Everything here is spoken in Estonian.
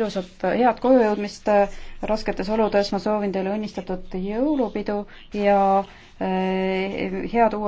ilusat head kojujõudmist äh, rasketes oludes, ma soovin teile õnnistatud jõulupidu ja äh, head uue